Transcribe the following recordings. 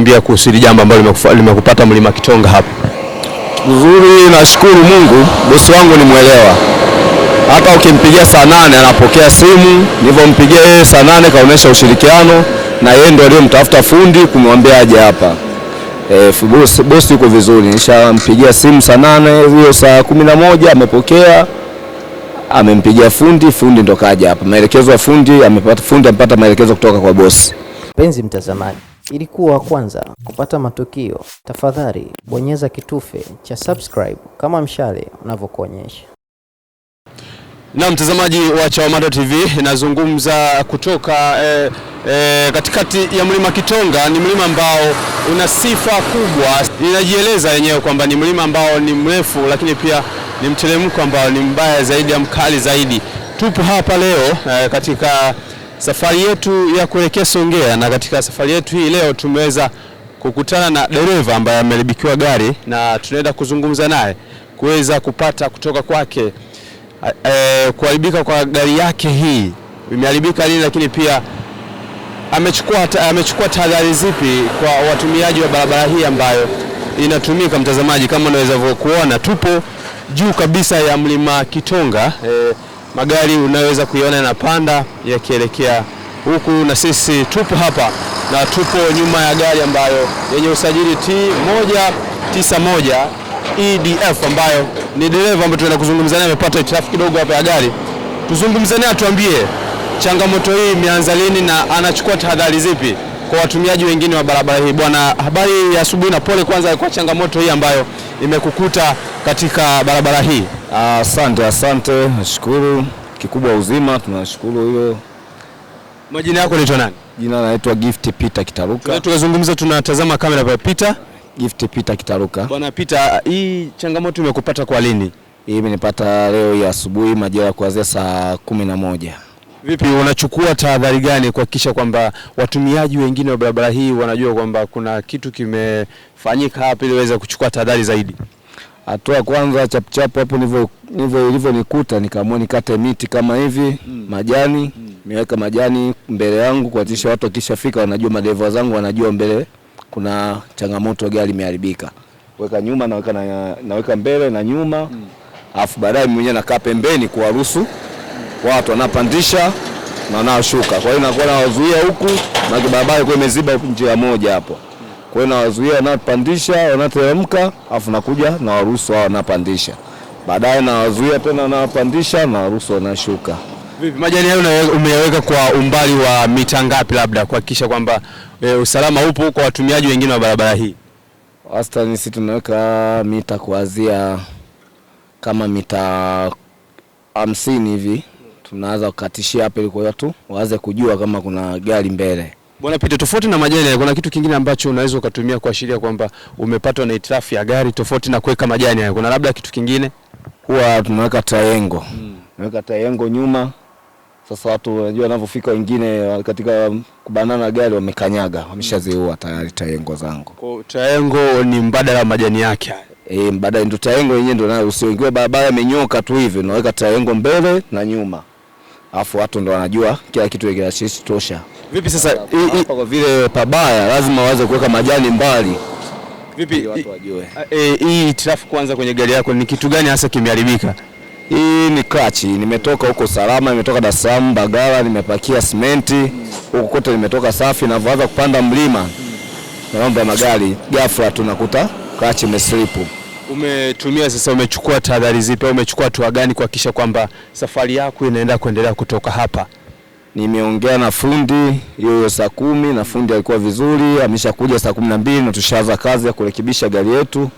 kutuambia kuhusu hili jambo ambalo limekupata mlima Kitonga hapa? Uzuri, nashukuru Mungu, bosi wangu ni mwelewa, hata ukimpigia saa nane anapokea simu. Nilivyompigia yeye saa nane kaonesha ushirikiano, na yeye ndio aliyomtafuta fundi kumwambia aje hapa. E, bosi bosi yuko vizuri, nishampigia simu saa nane hiyo, saa kumi na moja amepokea amempigia fundi, fundi ndo kaja hapa. Maelekezo ya fundi amepata, fundi amepata maelekezo kutoka kwa bosi. Penzi mtazamaji ili kuwa wa kwanza kupata matukio, tafadhali bonyeza kitufe cha subscribe kama mshale unavyokuonyesha. Na mtazamaji wa Chawamata TV, nazungumza kutoka eh, eh, katikati ya mlima Kitonga. Ni mlima ambao una sifa kubwa, inajieleza yenyewe kwamba ni mlima ambao ni mrefu, lakini pia ni mteremko ambao ni mbaya zaidi ya mkali zaidi. Tupo hapa leo eh, katika safari yetu ya kuelekea Songea, na katika safari yetu hii leo tumeweza kukutana na dereva ambaye ameharibikiwa gari na tunaenda kuzungumza naye kuweza kupata kutoka kwake e, kuharibika kwa gari yake hii imeharibika lini, lakini pia amechukua amechukua tahadhari zipi kwa watumiaji wa barabara hii ambayo inatumika. Mtazamaji, kama unaweza kuona, tupo juu kabisa ya mlima Kitonga e, magari unayoweza kuiona yanapanda yakielekea huku, na sisi tupo hapa na tupo nyuma ya gari ambayo yenye usajili T191 EDF ambayo ni dereva ambaye tunaenda kuzungumza naye, amepata hitilafu kidogo hapa ya gari. Tuzungumze naye atuambie changamoto hii imeanza lini na anachukua tahadhari zipi kwa watumiaji wengine wa barabara hii. Bwana, habari ya asubuhi na pole kwanza kwa changamoto hii ambayo imekukuta katika barabara hii. Asante, asante, nashukuru. Kikubwa uzima, tunashukuru hiyo. Majina yako unaitwa nani? Jina naitwa Gift Peter Kitaruka. Tunazungumza, tunatazama kamera pa Peter. Gift Peter Kitaruka. Bwana Peter, hii changamoto imekupata kwa lini? Hii imenipata leo ya asubuhi majira ya kuanzia saa kumi na moja. Vipi, unachukua tahadhari gani kuhakikisha kwamba watumiaji wengine wa barabara hii wanajua kwamba kuna kitu kimefanyika hapa ili waweze kuchukua tahadhari zaidi? hatua ya kwanza chapuchapu hapo nivyo ilivyonikuta, nikaamua nikate miti kama hivi mm. majani mm. majani mbele yangu kuatisha watu wakishafika, wanajua madereva zangu wanajua mbele kuna changamoto, gari imeharibika, weka nyuma naweka, na, naweka mbele na nyuma mm. Alafu baadaye mwenyewe nakaa pembeni kuwaruhusu watu wanapandisha na wanaoshuka. Kwa hiyo nakuwa nawazuia huku na barabara kwa imeziba njia moja hapo. Kwa wazuia nawazuia wanaopandisha, wanateremka, afu nakuja na waruhusu hao wanapandisha, baadaye nawazuia tena wanaopandisha na waruhusu wanashuka. Vipi, majani hayo umeyaweka kwa umbali wa mita ngapi, labda kuhakikisha kwamba e, usalama upo kwa watumiaji wengine wa barabara hii? Wastani sisi tunaweka mita kuanzia kama mita hamsini hivi, tunaanza kukatishia hapa ili kwa watu waanze kujua kama kuna gari mbele. Bwana Peter, tofauti na majani kuna kitu kingine ambacho unaweza ukatumia kuashiria kwamba umepatwa na hitilafu ya gari tofauti na kuweka majani hayo. Kuna labda kitu kingine huwa tunaweka tayengo. Hmm. Tunaweka nyuma. Sasa watu wanajua wanavyofika wengine katika kubanana gari wamekanyaga, wameshaziua tayari taengo zangu. Kwa tayengo ni mbadala wa majani yake. Eh, mbadala ndio tayengo yenyewe ndio nayo usiingie barabara imenyoka tu hivi, unaweka taengo mbele na nyuma. Alafu watu ndo wanajua kila kitu kile tosha. Vipi sasa kwa vile pabaya lazima waanze kuweka majani mbali. Vipi Hii ah, eh, kwanza kwenye gari yako ni kitu gani hasa kimeharibika? Hii ni clutch. Nimetoka huko Salama, nimetoka Dar es Salaam Bagala, nimepakia simenti huko kote, nimetoka safi na vaanza kupanda mlima na mambo ya magari, ghafla tunakuta clutch imeslipu. Umetumia sasa, umechukua tahadhari zipi au umechukua hatua gani kuhakikisha kwamba safari yako inaenda kuendelea kutoka hapa nimeongea na fundi yoyo saa kumi na fundi alikuwa vizuri, ameshakuja saa kumi na mbili na tushaanza kazi ya kurekebisha gari yetu.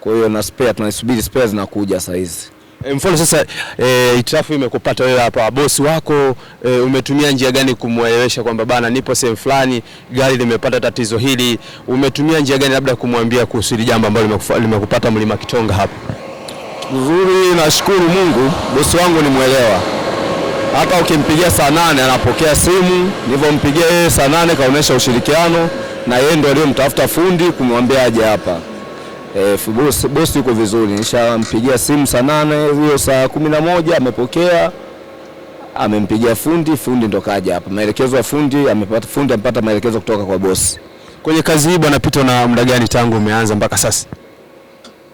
Kwa hiyo na spare tunasubiri spare zinakuja saa hizi. E, mfano sasa e, eh, itrafu imekupata wewe hapa, bosi wako e, umetumia njia gani kumwelewesha kwamba bana, nipo sehemu fulani, gari limepata tatizo hili? Umetumia njia gani labda kumwambia kuhusu hili jambo ambalo limekupata mlima Kitonga hapa? Uzuri, nashukuru Mungu, bosi wangu ni mwelewa hata ukimpigia saa nane anapokea simu. Nilivyompigia yeye saa nane kaonyesha ushirikiano na yeye ndo aliyomtafuta fundi kumwambia aje hapa. E, bosi yuko vizuri, nishampigia simu saa nane hiyo, saa kumi na moja amepokea, amempigia fundi, fundi ndo kaja hapa. Maelekezo ya fundi amepata, fundi amepata maelekezo kutoka kwa bosi. Kwenye kazi hii bwana Pito, na muda gani tangu umeanza mpaka sasa?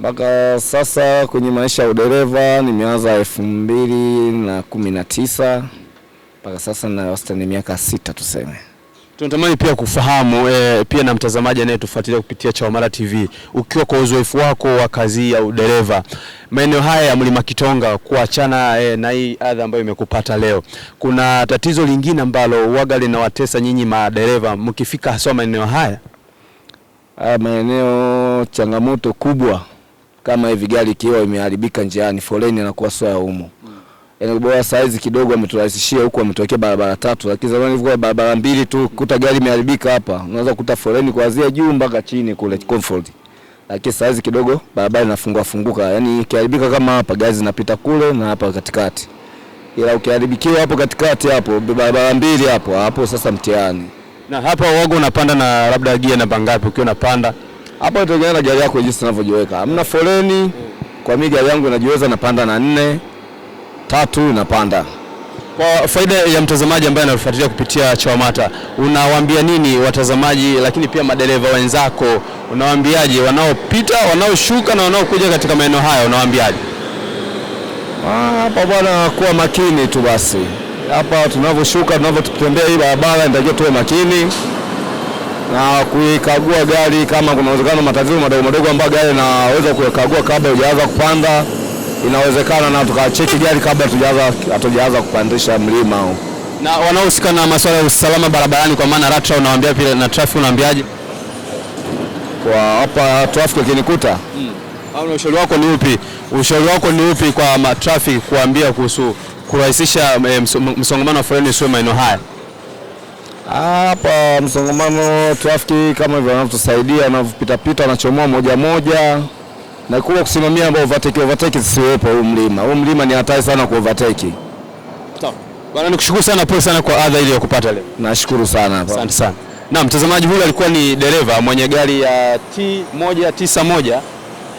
Mpaka sasa kwenye maisha ya udereva nimeanza elfu mbili na kumi na tisa mpaka sasa na wastani miaka sita tuseme. Tunatamani pia kufahamu e, pia na mtazamaji anayetufuatilia kupitia Chawamata TV, ukiwa kwa uzoefu wako wa kazi ya udereva maeneo haya ya Mlima Kitonga, kuachana e, na hii adha ambayo imekupata leo, kuna tatizo lingine ambalo waga linawatesa nyinyi madereva mkifika haswa maeneo haya? Ah, maeneo changamoto kubwa kama hivi gari ikiwa imeharibika njiani, foleni inakuwa sio ya umo. Yaani bora saizi kidogo ameturahisishia huko, ametokea barabara tatu, lakini zamani ilikuwa barabara mbili tu. Kuta gari imeharibika hapa, unaweza kuta foleni kuanzia juu mpaka chini kule Comfort, lakini saizi kidogo barabara inafungua funguka. Yaani ikiharibika kama hapa, gari zinapita kule na hapa katikati, ila ukiharibikiwa hapo katikati hapo, barabara mbili hapo hapo, sasa mtihani. Na hapa wago unapanda na labda gia namba ngapi ukiwa unapanda hapo inategemea na gari yako jinsi unavyojiweka. Hamna foleni kwa mimi, gari yangu inajiweza, napanda na nne tatu napanda. Kwa faida ya mtazamaji ambaye anafuatilia kupitia Chawamata, unawaambia nini watazamaji, lakini pia madereva wenzako, unawaambiaje wanaopita, wanaoshuka na wanaokuja katika maeneo haya, unawaambiaje? Ah, hapa bwana, kuwa makini tu basi. Hapa tunavyoshuka, tunavyotembea hii barabara, inatakiwa tuwe makini na kuikagua gari kama kuna uwezekano matatizo madogo madogo ambayo gari inaweza kuikagua kabla hujaanza kupanda, inawezekana na tukacheki gari kabla hatujaanza kupandisha mlima au na wanaohusika na masuala ya usalama barabarani, kwa maana LATRA unawaambia pia na traffic unawaambiaje Kwa hapa traffic kinikuta, hmm. Ushauri wako ni upi? Ushauri wako ni upi kwa traffic kuambia kuhusu kurahisisha eh, msongamano wa foleni usiwe maeneo haya? Hapa msongamano trafiki kama hivyo wanavyotusaidia wanavyopitapita, wanachomoa moja moja na kuwa kusimamia ambao overtake overtake zisiwepo. Huu mlima huu mlima ni hatari sana kwa overtake. Sawa bwana, nikushukuru sana, pole sana kwa adha ile ya kupata leo. Nashukuru sana, asante sana. Na mtazamaji huyu alikuwa ni dereva mwenye gari ya T191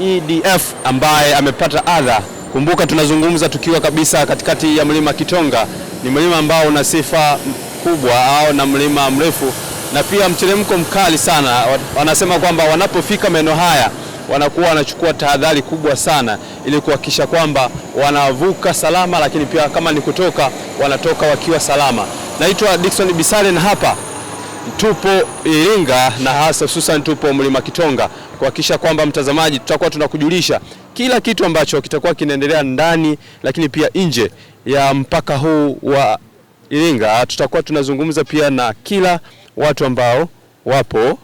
EDF ambaye amepata adha. Kumbuka tunazungumza tukiwa kabisa katikati ya mlima Kitonga, ni mlima ambao una sifa kubwa au na mlima mrefu na pia mteremko mkali sana. Wanasema kwamba wanapofika maeneo haya wanakuwa wanachukua tahadhari kubwa sana ili kuhakikisha kwamba wanavuka salama, lakini pia kama ni kutoka wanatoka wakiwa salama. Naitwa Dickson na hapa tupo Iringa na hasa hususan tupo Mlima Kitonga kuhakikisha kwamba mtazamaji, tutakuwa tunakujulisha kila kitu ambacho kitakuwa kinaendelea ndani, lakini pia nje ya mpaka huu wa Iringa tutakuwa tunazungumza pia na kila watu ambao wapo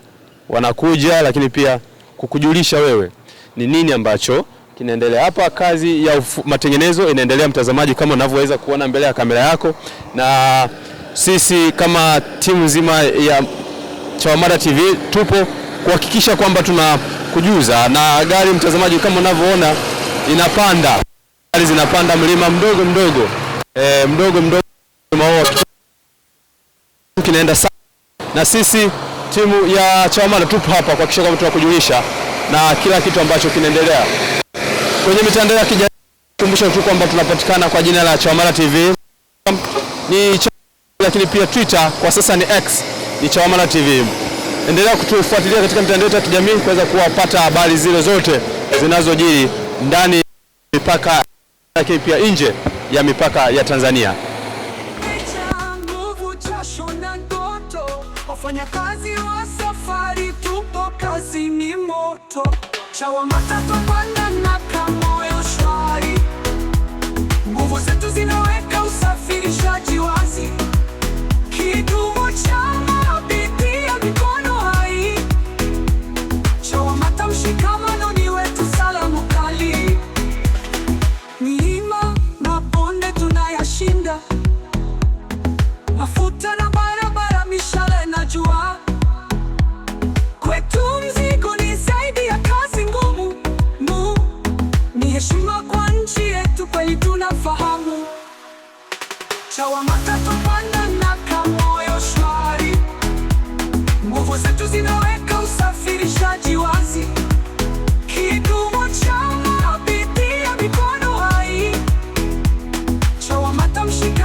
wanakuja, lakini pia kukujulisha wewe ni nini ambacho kinaendelea hapa. Kazi ya ufu, matengenezo inaendelea, mtazamaji, kama unavyoweza kuona mbele ya kamera yako, na sisi kama timu nzima ya Chawamata TV tupo kuhakikisha kwamba tunakujuza. Na gari mtazamaji, kama unavyoona inapanda, gari zinapanda mlima mdogo mdogo, e, mdogo mdogo ambao Kinaenda sana na sisi timu ya Chawamata tupo hapa kuhakikisha kwamba tunakujulisha na kila kitu ambacho kinaendelea kwenye mitandao ya kijamii. Kumbusha tu kwamba tunapatikana kwa jina la Chawamata TV ni cha, lakini pia Twitter kwa sasa ni X ni Chawamata TV. Endelea kutufuatilia katika mitandao ya kijamii kuweza kuwapata habari zile zote zinazojiri ndani mipaka, lakini pia nje ya mipaka ya Tanzania. Wafanyakazi wa safari, tupo kazini moto. CHAWAMATA twapanda na kamoyo shwari, nguvu zetu zinaweka usafirishaji wazi, kidumu cha heshima kwa nchi yetu, kweli tunafahamu. CHAWAMATA tupanda na kamoyo shwari, nguvu zetu zinaweka usafirishaji wazi, kidumu chama bidii mikono hai. CHAWAMATA